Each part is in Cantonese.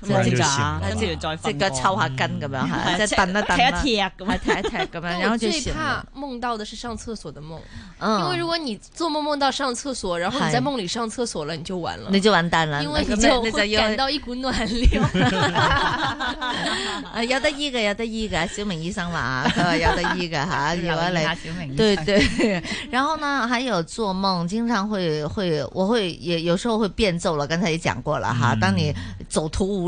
即係，跟住、啊、再抽下筋咁樣，即、嗯、蹬一蹬，踢一踢、啊啊、一踢咁樣。 然後最怕夢到的是上廁所的夢，嗯、因為如果你做夢夢到上廁所，然後你在夢裏上廁所了，你就完了，你就完蛋了，因為你就會感到一股暖流。有得醫㗎，有得醫㗎，小明醫生話，有得醫㗎吓，要嚟。小明，對對。然後呢，還有做夢經常會會，我會也有時候會變奏了。剛才也講過了哈，當你走投無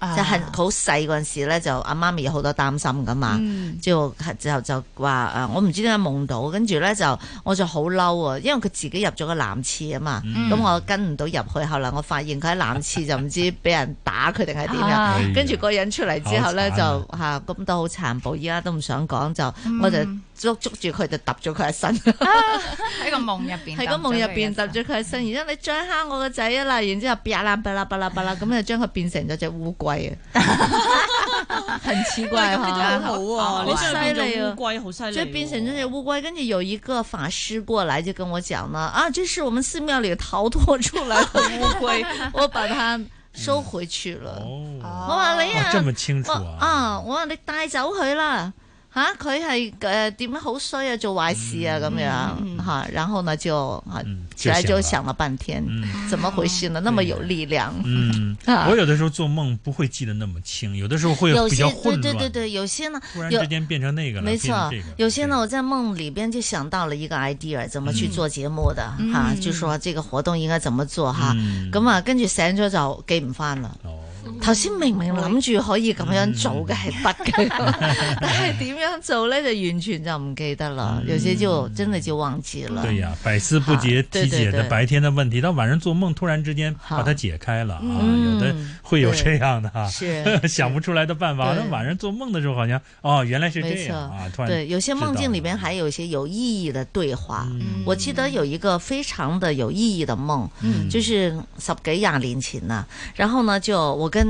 就係好細嗰陣時咧，就阿媽咪有好多擔心噶嘛，之、嗯嗯嗯、後,、啊、後之後就話誒，我唔知點解夢到，跟住咧就我就好嬲啊，因為佢自己入咗個男廁啊嘛，咁我跟唔到入去，後來我發現佢喺男廁就唔知俾人打佢定係點樣，跟住個人出嚟之後咧就吓咁都好殘暴，依家都唔想講就、嗯、我就。捉住佢就揼咗佢一身，喺 個夢入邊，喺 個夢入邊揼咗佢一身。然之後你再蝦我個仔啦，然之後巴拉巴拉巴拉巴拉，咁就將佢變成咗隻烏龜啊，很奇怪，好你犀利啊，烏龜好犀利。即係變成咗隻烏龜，跟 住、啊 啊啊、有一個法師過來就跟我講啦，啊，這是我們寺廟裏逃脫出嚟的烏龜， 我把它收回去了。哦、我話你啊，這麼清楚啊？啊，我話你帶走佢啦。吓佢係誒點樣好衰啊做壞事啊咁、嗯、樣吓、嗯、然後呢就啊、嗯、起來就想了半天、嗯、怎麼回事呢、啊、那麼有力量嗯、啊、我有的時候做夢不會記得那麼清，有的時候會比較混亂，有些對對對，對有些呢忽然之間變成那個了成、這個、沒錯、這個、有些呢我在夢裏邊就想到了一個 idea 怎麼去做節目的、嗯、哈就說這個活動應該怎麼做、嗯、哈咁啊根據 schedule、嗯嗯、就記唔返啦。哦。頭先明明諗住、嗯、可以咁樣做嘅係得嘅，但係點樣做呢？就完全就唔記得了、嗯、有些就真的就忘記了。對呀、啊，百思不解體解的白天的問題，對對對對到晚上做夢突然之間把它解開了。嗯、啊、有的會有這樣的哈，啊、是 想不出來的辦法。那晚上做夢的時候，好像哦，原來是這樣啊。突然對，有些夢境裏面還有一些有意義的對話、嗯。我記得有一個非常的有意義的夢，嗯，就是十幾廿年前啊。然後呢就我跟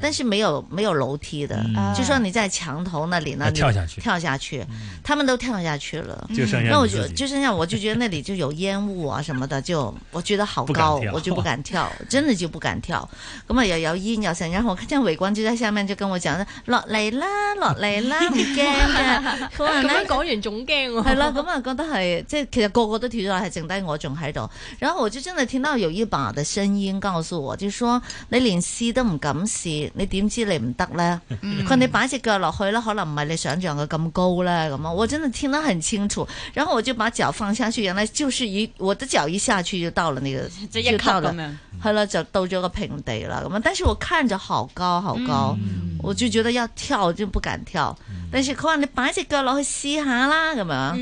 但是沒有沒有樓梯的，嗯、就算你在牆頭那裡呢，呢、啊、跳下去，跳下去、嗯，他們都跳下去了。就那我、嗯、就就剩下我就覺得那裡就有煙霧啊什麼的，就我覺得好高，我就不敢跳，真的就不敢跳。咁啊有有煙，有聲，然後我看見偉光就在下面就跟我講：落嚟啦，落嚟啦，唔驚嘅。咁 樣講完仲驚、喔。係 啦，咁啊覺得係，即係其實個個都跳咗落，係剩低我仲喺度。然後我就真的聽到有一把的聲音告訴我就說：你連試都唔敢試。你點知你唔得咧？佢、嗯、話你擺隻腳落去啦，可能唔係你想象嘅咁高咧，咁啊！我真係聽得很清楚，然後我就把腳放下去，原來就是一我的腳一下去就到了那個，就到了就一吸咁樣，就到咗個平地啦。咁啊，但是我看着好高好高、嗯，我就覺得要跳就不敢跳。但是佢話你擺隻腳落去試下啦，咁啊，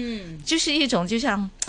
就是一種就像。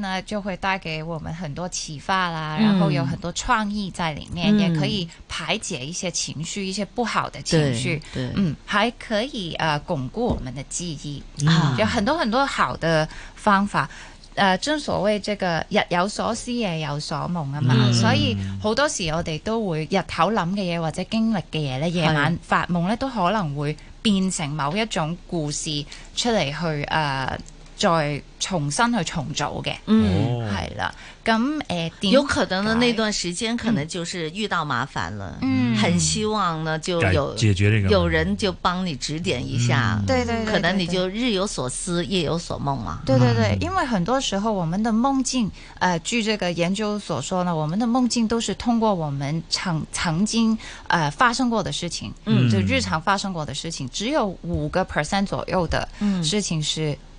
呢就會帶給我們很多啟發啦，然後有很多創意在裏面，嗯、也可以排解一些情緒，一些不好的情緒。對對嗯，還可以啊、呃、鞏固我們的記憶、嗯，有很多很多好的方法。誒、呃，正所謂這個日有所思，夜有所夢啊嘛、嗯，所以好多時我哋都會日頭諗嘅嘢或者經歷嘅嘢咧，夜晚發夢咧都可能會變成某一種故事出嚟去誒。呃再重新去重組嘅。嗯，係啦，咁、嗯、誒、哦嗯嗯，有可能呢？那段時間可能就是遇到麻煩了，嗯，很希望呢就有解決這個，有人就幫你指點一下，嗯、對，對，對對，可能你就日有所思、嗯，夜有所夢嘛。對對對，因為很多時候我們的夢境，呃、據這個研究所說呢，我們的夢境都是通過我們曾曾經、呃、發生過的事情，嗯，就日常發生過的事情，只有五個 percent 左右的事情是。嗯嗯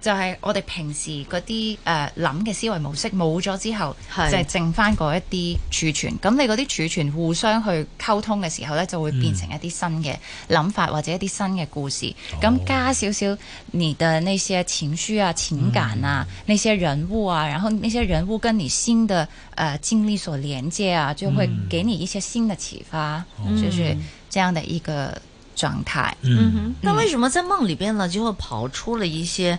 就係、是、我哋平時嗰啲誒諗嘅思維模式冇咗之後，就係剩翻嗰一啲儲存。咁你嗰啲儲存互相去溝通嘅時候咧，就會變成一啲新嘅諗法、嗯、或者一啲新嘅故事。咁加少少你嘅那些情緒啊、情感啊、嗯、那些人物啊，然後那些人物跟你新的誒經歷所連接啊，就會給你一些新嘅啟發、嗯，就是這樣的一個狀態。嗯哼，嗯，但為什麼在夢裏邊呢，就會跑出了一些？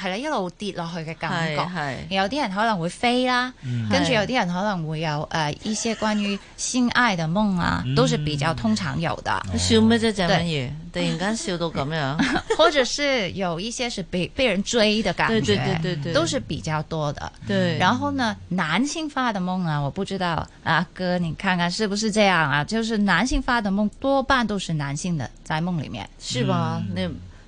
係啦，一路跌落去嘅感覺，有啲人可能會飛啦、啊，跟住有啲人可能會有誒，一些關於心愛的夢啊、嗯，都是比較通常有的。笑咩啫，就，突然間笑到咁樣，或者是有一些是被 被人追的感覺，對對對對，對都是比較多的。對然後呢，男性化的夢啊，我不知道，阿、啊、哥你看看是不是這樣啊？就是男性化的夢多半都是男性的，在夢裏面、嗯，是吧？那。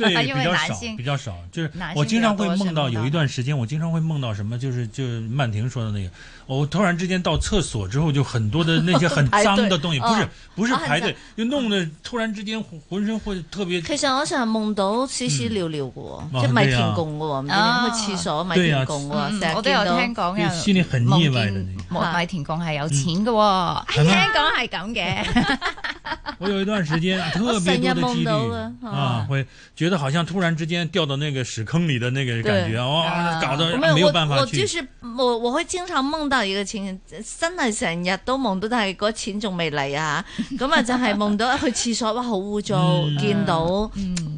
對，比較少，比較少，就是我經常會夢到有一段時間，我經常會夢到什麼？就是就曼婷說的那個，我突然之間到廁所之後，就很多的那些很髒的東西，不是不是排隊、哦，就弄得突然之間渾身會特別。其實我成日夢到屎屎尿尿嘅，即係米田共嘅，點開、啊、廁所米田共嘅，成日見到。我都有聽講，你心裡很膩歪的那。米田共係有錢嘅，聽講係咁嘅。嗯 我有一段時間特別多的幾率啊，啊，會覺得好像突然之間掉到那個屎坑裏的那個感覺，哇，搞得、呃、沒有辦法去我。我就是我我會經常夢到一個情形真係成日都夢到，但係個錢仲未嚟啊。咁啊，就係夢到去厠所哇，好污糟，見到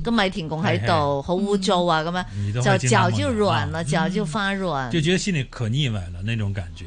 個米、嗯、田共喺度，好污糟啊，咁、嗯、樣就腳就軟啦、啊嗯，腳就發軟。就覺得心裏可膩歪了，那種感覺。